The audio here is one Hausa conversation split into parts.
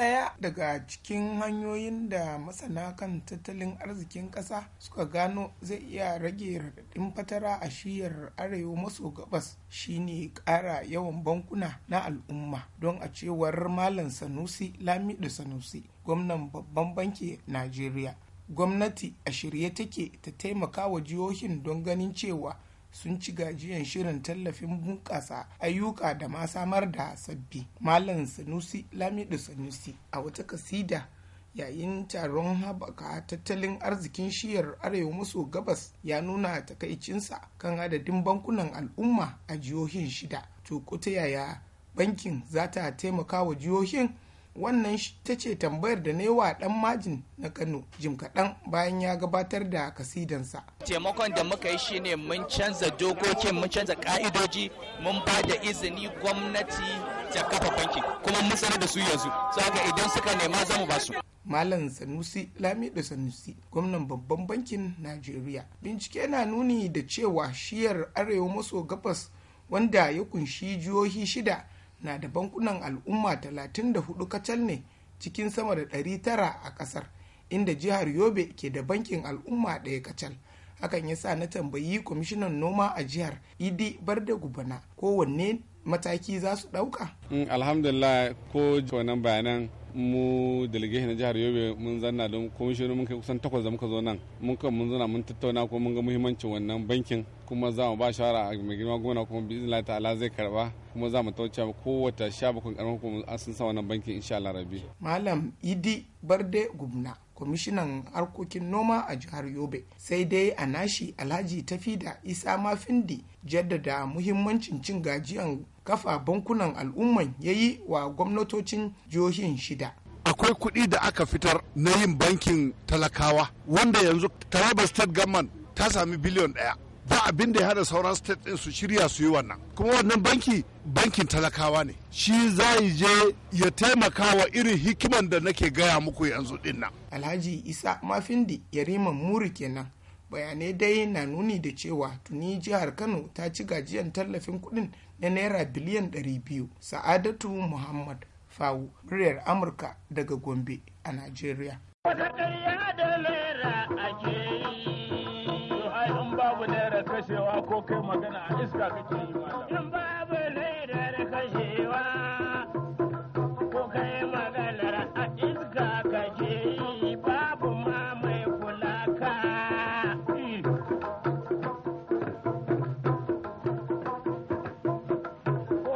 ɗaya daga cikin hanyoyin da masana kan tattalin arzikin ƙasa suka gano zai iya rage raɗaɗin fatara a shiyar arewa maso gabas shine ƙara yawan bankuna na al'umma don a cewar malam sanusi lamido sanusi gwamnan babban banki najeriya gwamnati a shirye take ta taimaka wa jihohin don ganin cewa sun ci gajiyan shirin tallafin bunƙasa ayyuka da ma samar da sabbi malam sanusi lamidu sanusi a wata kasida yayin taron haɓaka tattalin arzikin shiyar arewa maso gabas ya nuna takaicinsa kan adadin bankunan al'umma a jihohin shida to ta yaya bankin za ta taimaka wa jihohin wannan ta ce tambayar da na yi wa dan majin na kano jim kaɗan bayan ya gabatar da kasidansa taimakon da muka yi shine mun canza dokokin mun canza ka'idoji mun ba da izini gwamnati ta kafa banki kuma mun sanar da su yanzu su ka idan suka nema za mu ba su malam sanusi lamido sanusi gwamnan babban bankin najeriya bincike na nuni da cewa shiyar arewa maso gabas wanda ya kunshi jihohi shida na da bankunan al'umma 34 kacal ne cikin sama da 900 a kasar inda jihar yobe ke da bankin al'umma ɗaya kacal hakan ya sa na tambayi kwamishinan noma a jihar idi barda gubana kowanne mataki za su ɗauka? Mm, alhamdulillah ko wannan bayanan mu delegation na jihar yobe mun zanna don kwamishinan mun kai kusan takwas da muka zo nan mun kan mun zana mun tattauna ko mun ga muhimmancin wannan bankin kuma za mu ba shawara a mai girma gwamna kuma bi izinin ala zai karba kuma za mu tauce kowace sha bakwai karamar kuma an sun sa wannan bankin insha Allah rabi. malam idi barde gubna kwamishinan harkokin noma a jihar yobe sai dai a nashi alhaji tafi da isa mafindi jaddada muhimmancin cin gajiyan kafa bankunan al'umman ya yi wa gwamnatocin jihohin shida akwai kuɗi da aka fitar na yin bankin talakawa wanda yanzu taraba state government ta sami biliyon ɗaya ba abin da ya hada sauran state din su shirya su yi wannan kuma wannan banki bankin talakawa ne shi za je ya taimaka wa irin hikiman da nake gaya muku yanzu din nan alhaji isa mafindi yariman muri kenan bayanai dai na nuni da cewa tuni jihar kano ta ci gajiyan tallafin kudin na naira biliyan 200 sa'adatu muhammad fawu muryar amurka daga gombe a nigeria ɗauko magana a iska kake yi In babu laidar kashewa ko kai maganar a iska kake yi babu ma mai kula ka.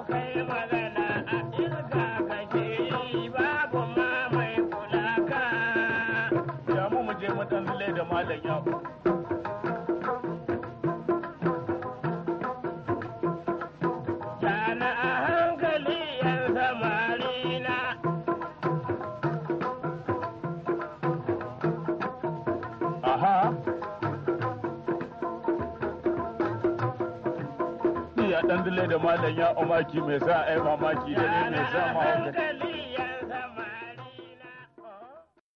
Ko magana a iska kake yi babu ma mai kula ka. Jamu mu je da malam dan dule da malam ya umaki mai sa ai mamaki da mai sa ma